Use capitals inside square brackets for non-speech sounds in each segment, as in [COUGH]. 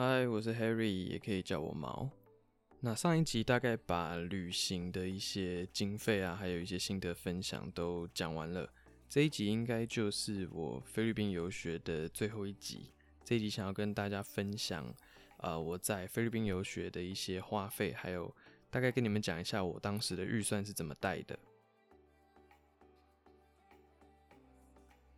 嗨，我是 Harry，也可以叫我毛。那上一集大概把旅行的一些經費啊，還有一些心得分享都講完了。這一集應該就是我菲律賓遊學的最後一集。這一集想要跟大家分享，啊，呃，我在菲律賓遊學的一些花費，還有大概跟你們講一下我當時的預算是怎麼帶的。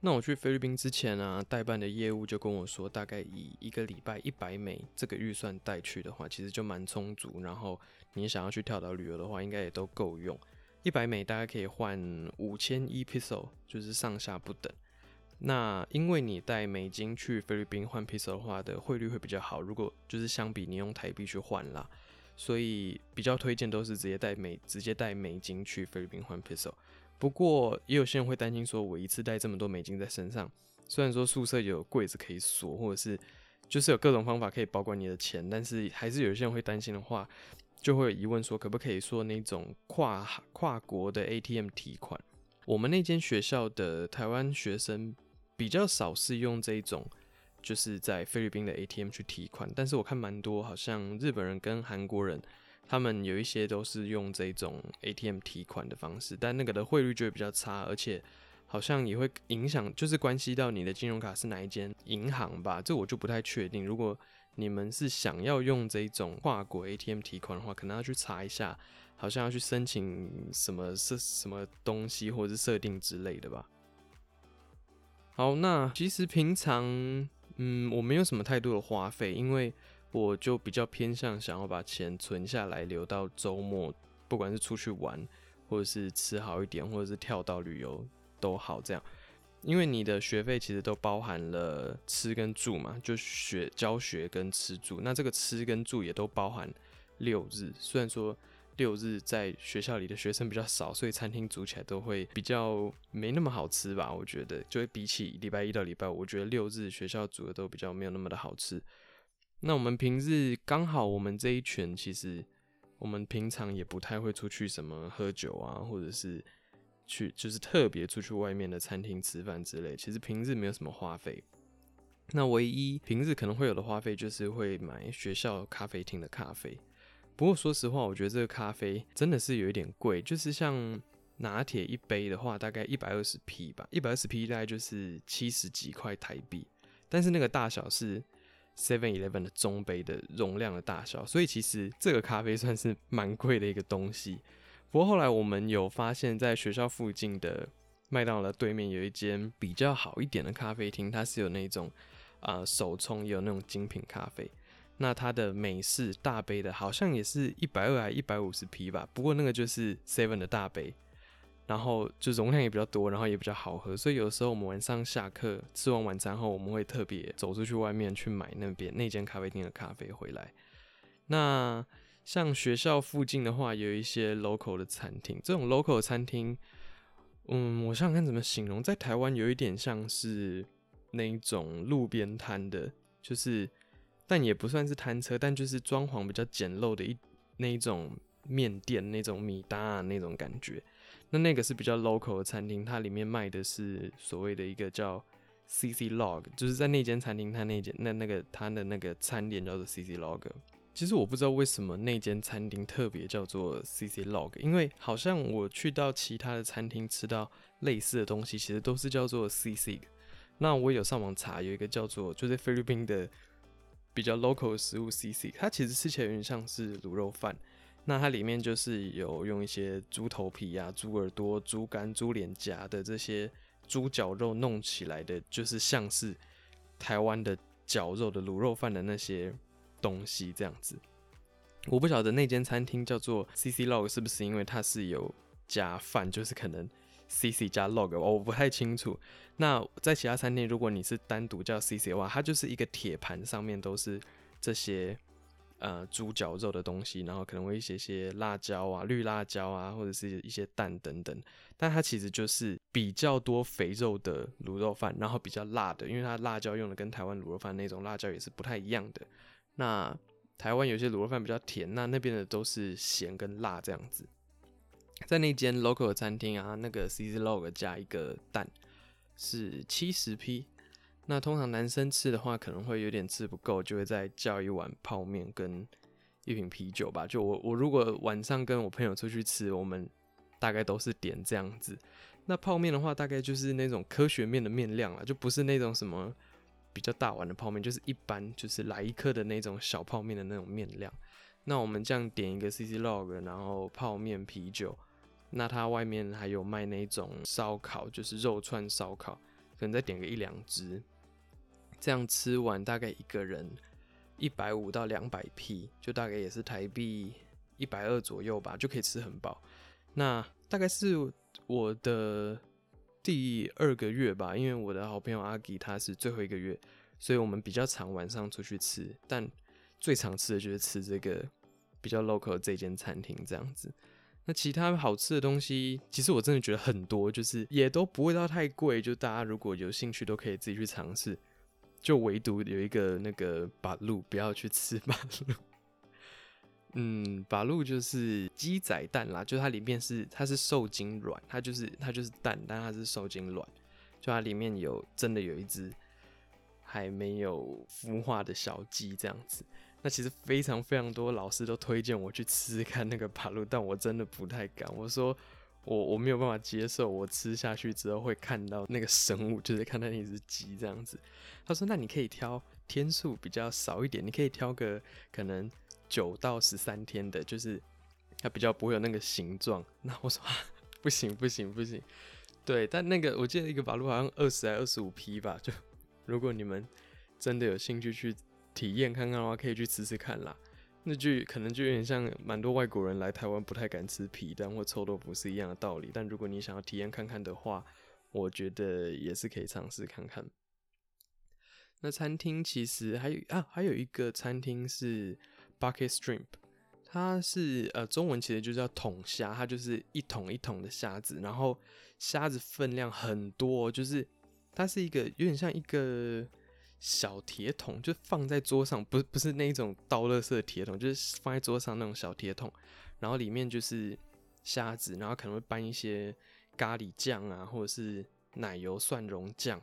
那我去菲律賓之前啊，代辦的業務就跟我說，大概以一個禮拜一百美這個預算帶去的話，其實就蠻充足。然後你想要去跳島旅遊的話，應該也都夠用。一百美大概可以換五千一 peso，就是上下不等。那因為你帶美金去菲律賓換 peso 的話，的匯率會比較好。如果就是相比你用台幣去換啦，所以比較推薦都是直接帶美直接帶美金去菲律賓換 peso。不過，也有些人會擔心說，我一次帶這麼多美金在身上，雖然說宿舍有櫃子可以鎖，或者是就是有各種方法可以保管你的錢，但是還是有些人會擔心的話，就會有疑問說，可不可以說那種跨跨國的 ATM 提款。我們那間學校的台灣學生比較少是用這種，就是在菲律賓的 ATM 去提款，但是我看蠻多，好像日本人跟韓國人。他們有一些都是用這種 ATM 提款的方式，但那個的匯率就會比較差，而且好像也會影響，就是關係到你的金融卡是哪一間銀行吧，這我就不太確定。如果你們是想要用這種跨國 ATM 提款的話，可能要去查一下，好像要去申請什麼設什麼東西或者是設定之類的吧。好，那其實平常，嗯，我沒有什麼太多的花費，因為。我就比較偏向想要把錢存下來，留到周末，不管是出去玩，或者是吃好一點，或者是跳島旅遊都好這樣。因為你的學費其實都包含了吃跟住嘛，就學教學跟吃住。那這個吃跟住也都包含六日，雖然說六日在學校裡的學生比較少，所以餐廳煮起來都會比較沒那麼好吃吧？我覺得，就會比起禮拜一到禮拜五，我覺得六日學校煮的都比較沒有那麼的好吃。那我們平日剛好，我們這一群其實我們平常也不太會出去什麼喝酒啊，或者是去就是特別出去外面的餐廳吃飯之類。其實平日沒有什麼花費，那唯一平日可能會有的花費就是會買學校咖啡廳的咖啡。不過說實話，我覺得這個咖啡真的是有一點貴，就是像拿鐵一杯的話，大概一百二十 P 吧，一百二十 P 大概就是七十幾塊台幣，但是那個大小是。Seven Eleven 的中杯的容量的大小，所以其實這個咖啡算是蠻貴的一個東西。不過後來我們有發現，在學校附近的麥當勞對面有一間比較好一點的咖啡廳，它是有那種啊、呃、手沖，也有那種精品咖啡。那它的美式大杯的好像也是一百二還一百五十 P 吧，不過那個就是 Seven 的大杯，然後就容量也比較多，然後也比較好喝，所以有時候我們晚上下課吃完晚餐後，我們會特別走出去外面去買那邊那間咖啡廳的咖啡回來。那像學校附近的話，有一些 local 的餐廳，這種 local 的餐廳，嗯，我想想看怎麼形容，在台灣有一點像是那一種路邊攤的，就是但也不算是攤車，但就是裝潢比較簡陋的一那一種麵店那種米搭、啊、那種感覺。那那個是比較 local 的餐廳，它裡面賣的是所謂的一個叫 Sisig log，就是在那間餐廳，它那間那那個它的那個餐點叫做 Sisig log。其實我不知道為什麼那間餐廳特別叫做 Sisig log，因為好像我去到其他的餐廳吃到類似的東西，其實都是叫做 Sisig。那我有上網查，有一個叫做就在菲律賓的比較 local 的食物 Sisig，它其實吃起來有點像是滷肉飯。那它裡面就是有用一些豬頭皮呀、啊、豬耳朵、豬肝、豬臉頰的這些豬絞肉弄起來的，就是像是台灣的絞肉的滷肉飯的那些東西這樣子。我不曉得那間餐廳叫做 Sisig Log 是不是因為它是有加飯，就是可能 Sisig 加 Log 我、哦、我不太清楚。那在其他餐廳，如果你是單獨叫 Sisig 的話，它就是一個鐵盤上面都是這些。呃，豬腳肉的東西，然後可能會一些些辣椒啊、綠辣椒啊，或者是一些蛋等等。但它其實就是比較多肥肉的滷肉飯，然後比較辣的，因為它辣椒用的跟台灣滷肉飯那種辣椒也是不太一樣的。那台灣有些滷肉飯比較甜，那那邊的都是鹹跟辣這樣子。在那間 local 餐廳啊，那個 Sisig log 加一個蛋是七十 P。那通常男生吃的話，可能會有點吃不夠，就會再叫一碗泡麵跟一瓶啤酒吧。就我我如果晚上跟我朋友出去吃，我們大概都是點這樣子。那泡麵的話，大概就是那種科學麵的麵量啦，就不是那種什麼比較大碗的泡麵，就是一般就是來一客的那種小泡麵的那種麵量。那我們這樣點一個 C C log，然後泡麵啤酒。那它外面還有賣那種燒烤，就是肉串燒烤，可能再點個一兩隻。這樣吃完大概一個人一百五到兩百 P，就大概也是台幣一百二左右吧，就可以吃很飽。那大概是我的第二個月吧，因為我的好朋友阿吉他是最後一個月，所以我們比較常晚上出去吃，但最常吃的就是吃這個比較 local 這間餐廳這樣子。那其他好吃的東西，其實我真的覺得很多，就是也都不會到太貴，就大家如果有興趣都可以自己去嘗試。就唯獨有一個那個 Balut，不要去吃 Balut。嗯，Balut 就是雞仔蛋啦，就它裡面是，它是受精卵，它就是，它就是蛋，但它是受精卵，就它裡面有真的有一隻還沒有孵化的小雞這樣子。那其實非常非常多老師都推薦我去吃吃看那個 Balut，但我真的不太敢，我說。我我沒有辦法接受，我吃下去之後會看到那個生物，就是看到那只雞這樣子。他說：“那你可以挑天數比較少一點，你可以挑個可能九到十三天的，就是它比較不會有那個形狀。”那我說：“不行不行不行。不行不行”對，但那個我記得一個 Balut 好像二十還是二十五批吧？就如果你們真的有興趣去體驗看看的話，可以去吃吃看啦。那句可能就有點像蠻多外國人來台灣不太敢吃皮蛋或臭豆腐是一樣的道理。但如果你想要體驗看看的話，我覺得也是可以嘗試看看。那餐廳其實還有啊，還有一個餐廳是 Bucket Shrimp，它是呃中文其實就叫桶蝦，它就是一桶一桶的蝦子，然後蝦子分量很多，就是它是一個有點像一個。小鐵桶就放在桌上，不不是那種倒垃圾的鐵桶，就是放在桌上那種小鐵桶，然後裡面就是蝦子，然後可能會拌一些咖喱醬啊，或者是奶油蒜蓉醬，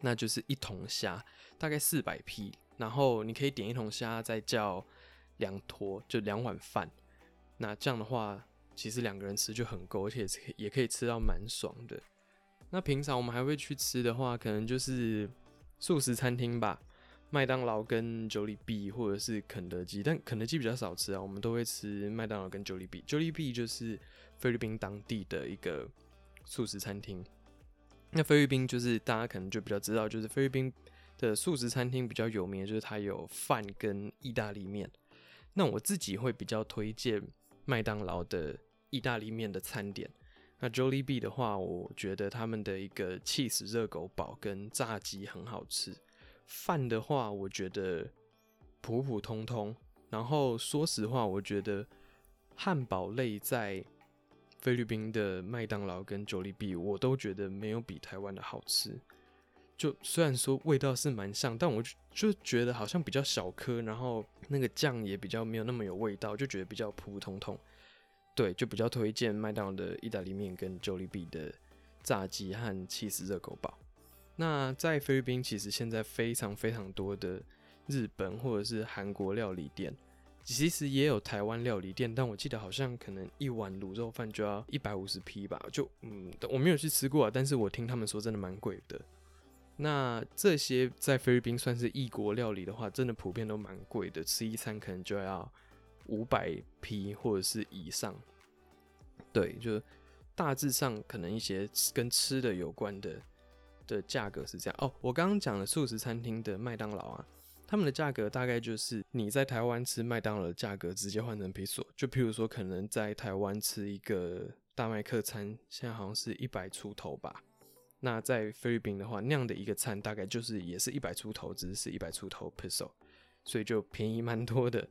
那就是一桶蝦，大概四百匹。然後你可以點一桶蝦，再叫兩坨，就兩碗飯，那這樣的話其實兩個人吃就很夠，而且也也可以吃到蠻爽的。那平常我們還會去吃的話，可能就是。素食餐廳吧，麥當勞跟九里 B，或者是肯德基，但肯德基比較少吃啊，我們都會吃麥當勞跟九里 B，九里 B 就是菲律賓當地的一個素食餐廳。那菲律賓就是大家可能就比較知道，就是菲律賓的素食餐廳比較有名，就是它有飯跟意大利麵。那我自己會比較推薦麥當勞的意大利麵的餐點。那 j o l i b e b 的話，我覺得他們的一個 cheese 熱狗堡跟炸雞很好吃。飯的話，我覺得普普通通。然後說實話，我覺得漢堡類在菲律賓的麥當勞跟 j o l i b e b 我都覺得沒有比台灣的好吃。就雖然說味道是蠻像，但我就覺得好像比較小顆，然後那個醬也比較沒有那麼有味道，就覺得比較普普通通。對，就比較推薦麥當勞的意大利麵跟 Jollibee 的炸雞和起司熱狗堡。那在菲律賓，其實現在非常非常多的日本或者是韓國料理店，其實也有台灣料理店，但我記得好像可能一碗滷肉飯就要一百五十 P 吧，就嗯，我沒有去吃過、啊，但是我聽他們說真的蠻貴的。那這些在菲律賓算是異國料理的話，真的普遍都蠻貴的，吃一餐可能就要。五百 p 或者是以上，對，就是大致上可能一些跟吃的有關的的價格是這樣哦。Oh, 我剛剛講的速食餐廳的麥當勞啊，他們的價格大概就是你在台灣吃麥當勞的價格直接換成 Piso 就譬如說，可能在台灣吃一個大麥克餐，現在好像是一百出頭吧。那在菲律賓的話，那樣的一個餐大概就是也是一百出頭，只是一百出頭 Piso 所以就便宜蠻多的。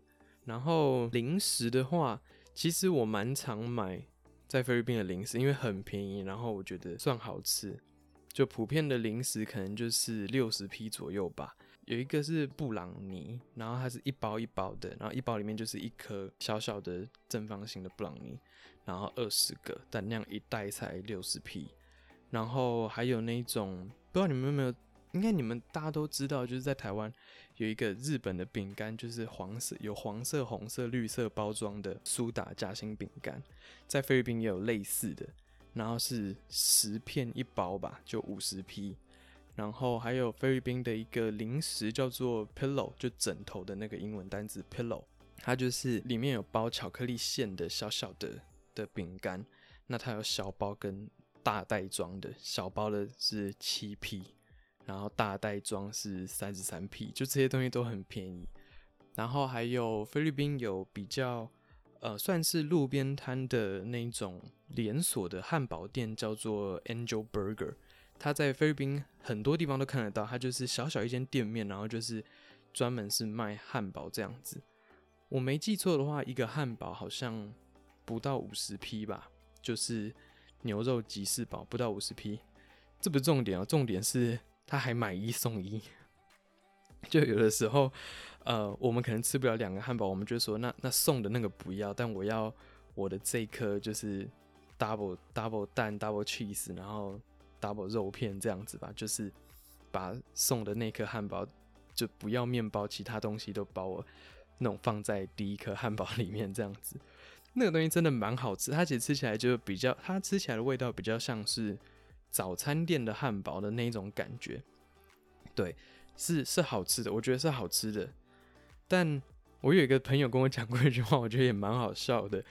然後零食的話，其實我蠻常買在菲律賓的零食，因為很便宜，然後我覺得算好吃。就普遍的零食，可能就是六十披左右吧。有一個是布朗尼，然後它是一包一包的，然後一包裡面就是一顆小小的正方形的布朗尼，然後二十個，但那樣一袋才六十披。然後還有那種，不知道你們有沒有，應該你們大家都知道，就是在台灣。有一個日本的餅乾，就是黃色有黃色、紅色、綠色包裝的蘇打夾心餅乾，在菲律賓也有類似的，然後是十片一包吧，就五十 P。然後還有菲律賓的一個零食叫做 pillow，就枕頭的那個英文單字 pillow，它就是裡面有包巧克力餡的小小的的餅乾，那它有小包跟大袋裝的，小包的是七 P，然後大袋裝是三十三 P，就這些東西都很便宜。然後還有菲律賓有比較呃，算是路邊攤的那種連鎖的漢堡店，叫做 Angel Burger。它在菲律賓很多地方都看得到，它就是小小一間店面，然後就是專門是賣漢堡這樣子。我沒記錯的話，一個漢堡好像不到五十 P 吧，就是牛肉吉士堡不到五十 P。這不是重點啊、喔，重點是。他還買一送一， [LAUGHS] 就有的時候，呃，我們可能吃不了兩個漢堡，我們就說那那送的那個不要，但我要我的這顆就是 double double 蛋 double cheese，然後 double 肉片這樣子吧，就是把送的那顆漢堡就不要麵包，其他東西都把我那種放在第一顆漢堡裡面這樣子，那個東西真的蠻好吃，它其實吃起來就比較，它吃起來的味道比較像是。早餐店的漢堡的那一種感覺，對，是是好吃的，我覺得是好吃的。但我有一個朋友跟我講過一句話，我覺得也蠻好笑的。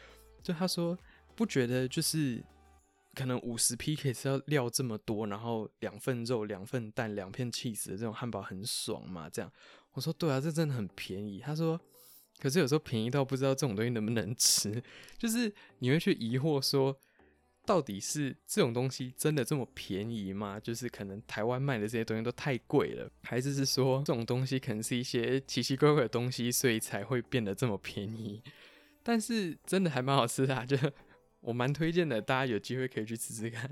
就他說，不覺得就是可能五十 PK 是要料這麼多，然後兩份肉、兩份蛋、兩片 cheese 的這種漢堡很爽嘛？這樣？我說對啊，這真的很便宜。他說，可是有時候便宜到不知道這種東西能不能吃，就是你會去疑惑說。到底是這種東西真的這麼便宜嗎？就是可能台灣賣的這些東西都太貴了，還是是說這種東西可能是一些奇奇怪怪的東西，所以才會變得這麼便宜？但是真的還蠻好吃的啊，就我蠻推薦的，大家有機會可以去吃吃看。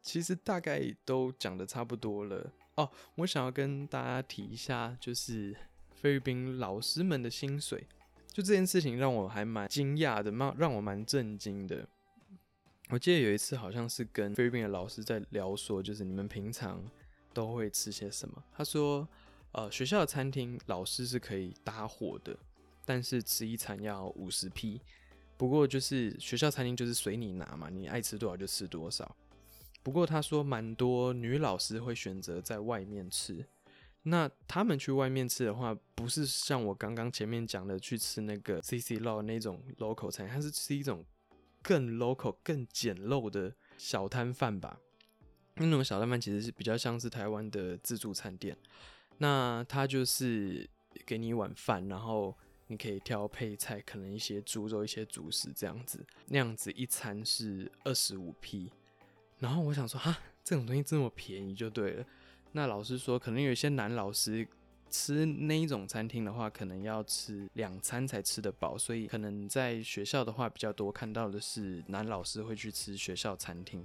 其實大概都講的差不多了。哦，我想要跟大家提一下，就是菲律賓老師們的薪水，就這件事情讓我還蠻驚訝的，蠻讓我蠻震驚的。我記得有一次，好像是跟菲律賓的老師在聊說，說就是你們平常都會吃些什麼。他說，呃，學校的餐廳老師是可以搭伙的，但是吃一餐要五十 P。不過就是學校餐廳就是隨你拿嘛，你愛吃多少就吃多少。不過他說，蠻多女老師會選擇在外面吃。那他們去外面吃的話，不是像我剛剛前面講的去吃那個 Sisig 那種 local 菜，它是吃一種。更 local、更簡陋的小攤販吧，那種小攤販其實是比較像是台灣的自助餐店，那他就是給你一碗飯，然後你可以挑配菜，可能一些豬肉、一些主食這樣子，那樣子一餐是二十五 P。然後我想說，哈，這種東西這麼便宜就對了。那老師說，可能有一些男老師。吃那一種餐廳的話，可能要吃兩餐才吃得飽，所以可能在學校的話比較多看到的是男老師會去吃學校餐廳。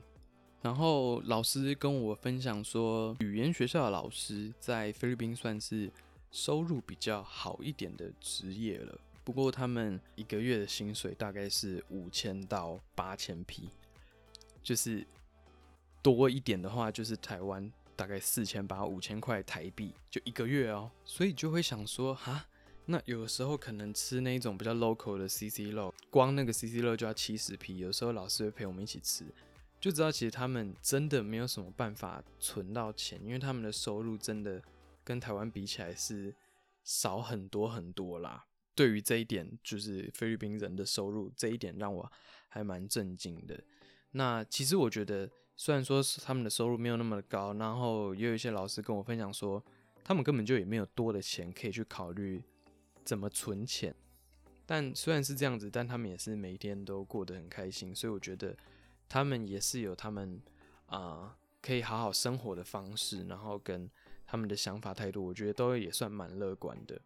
然後老師跟我分享說，語言學校的老師在菲律賓算是收入比較好一點的職業了，不過他們一個月的薪水大概是五千到八千皮，就是多一點的話就是台灣大概四千八五千塊台幣，就一個月哦，所以就會想說，哈，那有時候可能吃那種比較 local 的 Sisig，光那個 Sisig 就要七十皮，有時候老師會陪我們一起吃，就知道其實他們真的沒有什麼辦法存到錢，因為他們的收入真的跟台灣比起來是少很多很多啦。對於這一點，就是菲律賓人的收入這一點，讓我還蠻震驚的。那其實我覺得。雖然說是他們的收入沒有那麼高，然後也有一些老師跟我分享說，他們根本就也沒有多的錢可以去考慮怎麼存錢。但雖然是這樣子，但他們也是每一天都過得很開心，所以我覺得他們也是有他們啊、呃、可以好好生活的方式，然後跟他們的想法態度，我覺得都也算蠻樂觀的。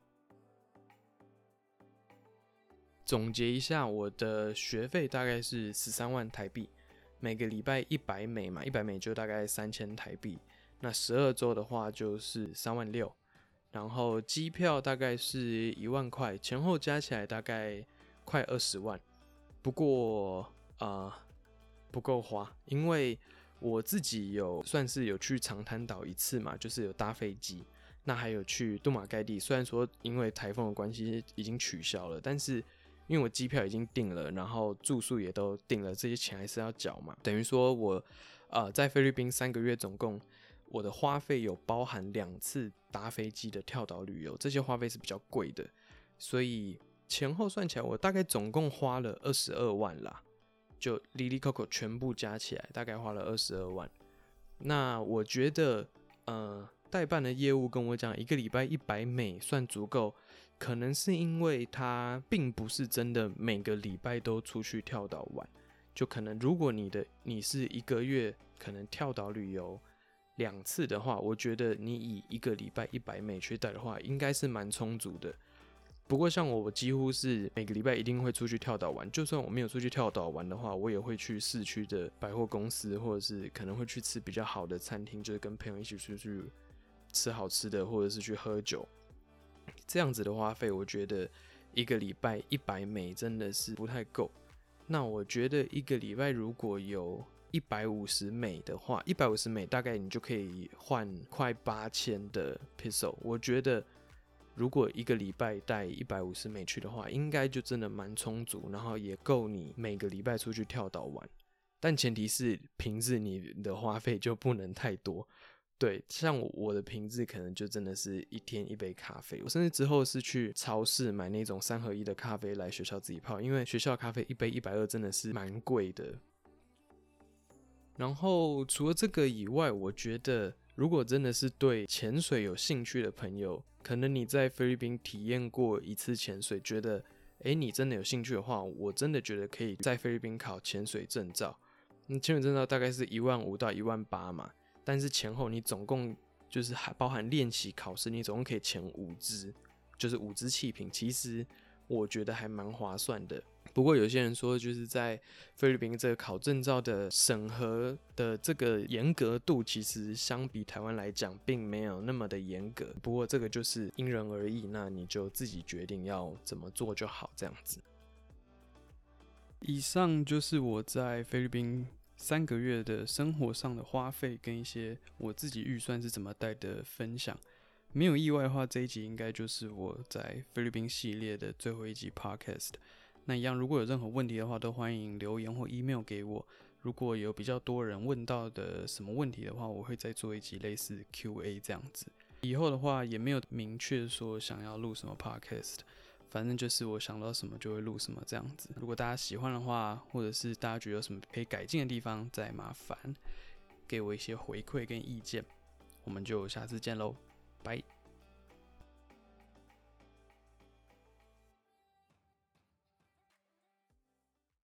總結一下，我的學費大概是十三萬台幣。每個禮拜一百美嘛，一百美就大概三千台幣，那十二週的話就是三萬六，然後機票大概是一萬塊，前後加起來大概快二十萬，不過啊、呃、不夠花，因為我自己有算是有去長灘島一次嘛，就是有搭飛機，那還有去杜馬蓋蒂，雖然說因為颱風的關係已經取消了，但是。因為我機票已經訂了，然後住宿也都訂了，這些錢還是要繳嘛。等於說我，呃，在菲律賓三個月，總共我的花費有包含兩次搭飛機的跳島旅遊，這些花費是比較貴的，所以前後算起來，我大概總共花了二十二萬啦，就哩哩扣扣全部加起來，大概花了二十二萬。那我覺得，呃，代辦的業務跟我講，一個禮拜一百美算足夠。可能是因為他並不是真的每個禮拜都出去跳島玩，就可能如果你的你是一個月可能跳島旅遊兩次的話，我覺得你以一個禮拜一百美金帶的話，應該是蠻充足的。不過像我我幾乎是每個禮拜一定會出去跳島玩，就算我沒有出去跳島玩的話，我也會去市區的百貨公司，或者是可能會去吃比較好的餐廳，就是跟朋友一起出去吃好吃的，或者是去喝酒。這樣子的花費，我覺得一個禮拜一百美真的是不太夠。那我覺得一個禮拜如果有一百五十美的話，一百五十美大概你就可以換快八千的 piso。我覺得如果一個禮拜帶一百五十美去的話，應該就真的蠻充足，然後也夠你每個禮拜出去跳島玩。但前提是平日你的花費就不能太多。對，像我我的平日可能就真的是一天一杯咖啡，我甚至之後是去超市買那種三合一的咖啡來學校自己泡，因為學校咖啡一杯一百二真的是蠻貴的。然後除了這個以外，我覺得如果真的是對潛水有興趣的朋友，可能你在菲律賓體驗過一次潛水，覺得哎、欸、你真的有興趣的話，我真的覺得可以在菲律賓考潛水證照。那潛水證照大概是一萬五到一萬八嘛。但是前後你總共就是還包含練習考試，你總共可以前五支，就是五支氣瓶。其實我覺得還蠻划算的。不過有些人說，就是在菲律賓這個考證照的審核的這個嚴格度，其實相比台灣來講，並沒有那麼的嚴格。不過這個就是因人而異，那你就自己決定要怎麼做就好。這樣子。以上就是我在菲律賓。三個月的生活上的花費跟一些我自己預算是怎麼帶的分享，沒有意外的話，這一集應該就是我在菲律賓系列的最後一集 podcast。那一樣，如果有任何問題的話，都歡迎留言或 email 給我。如果有比較多人問到的什麼問題的話，我會再做一集類似 QA 這樣子。以後的話，也沒有明確說想要錄什麼 podcast。反正就是我想到什麼就會錄什麼這樣子。如果大家喜歡的話，或者是大家覺得有什麼可以改進的地方，再麻煩給我一些回饋跟意見。我們就下次見嘍，拜。